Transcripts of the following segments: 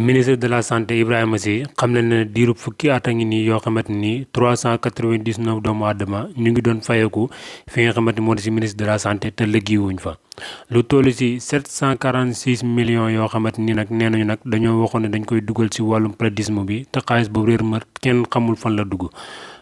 ministre de la santé Ibrahima Sy xam na ne diirub fukki at a ngi nii yoo xamante ni 399 doomu aadama ñu ngi doon fayeku fi nga xamante moo di si ministre de la santé te liggéeyuñ fa lu toll si 746 millions yoo xamante ni nag nee nañu nag dañoo waxoon ne dañ koy dugal si wàllum paludisme bi te xaalis boobu réer ma kenn xamul fan la dugg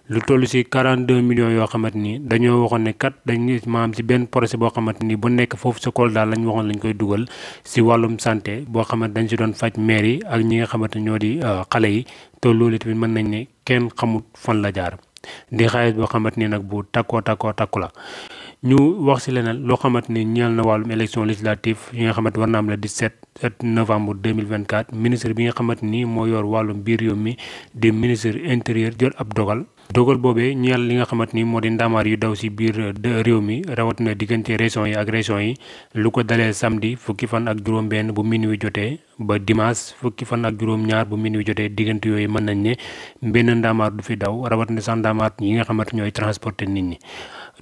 lu toll si 42 millions yoo xamante ni dañoo waxoon ne kat dañu maam si benn projet boo xamante ni bu nekk foofu sa Kolda lañ waxoon lañ koy dugal si wàllum santé boo xamante dañ si doon faj maire yi ak ñi nga xamante ñoo di euh, xale yi te loolu tamit mën nañ ne kenn xamut fan la jaar di xaalis boo xamante ni nag bu takkoo takkoo takku la. ñu wax ci leneen loo xamante ni ñeel na wàllum élection législative yi nga xamante war na am la 17 novembre 2024 ministre bi nga xamante ni moo yor biir réew mi di ministre intérieur jot ab dogal dogal boobe ñeel li nga xamante ni moo di ndaamaar yu daw si biir réew mi rawatina diggante régions yi ak régions yi lu ko dalee di fukki fan ak juróom-benn bu wi jotee ba dimanche fukki fan ak juroom ñaar bu minuy jotté digënt yoy mën nañ né benn ndamar du fi daw rawatina sax ndaamaar yi nga xamante ñoy transporter nit ñi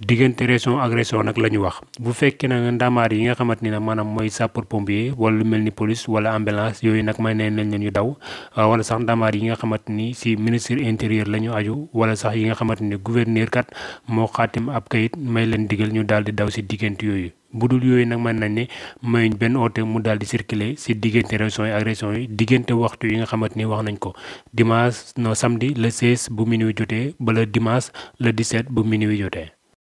diggante région agression nak lañu wax bu fekkee nag ndamar yi nga xamante ni manam moy sapeur pompier wala melni police wala ambulance yoy nak may neen nañ leen ñu daw ah, wala sax ndamar yi nga xamante ni si ministre intérieur lañu aju wala sax yi nga xamante ni gouverneur kat mo xaatim ab kayit may leen digël ñu daal di daw ci diggante yoy bu dul yooyu nag mën nañ ne mayuñ benn oote mu daal di circuler si diggante régions yi ak régions yi diggante waxtu yi nga xamante ni wax nañ ko dimanche no samedi le 16 bu minuit jotee bala dimanche le 17 bu minuit jotee.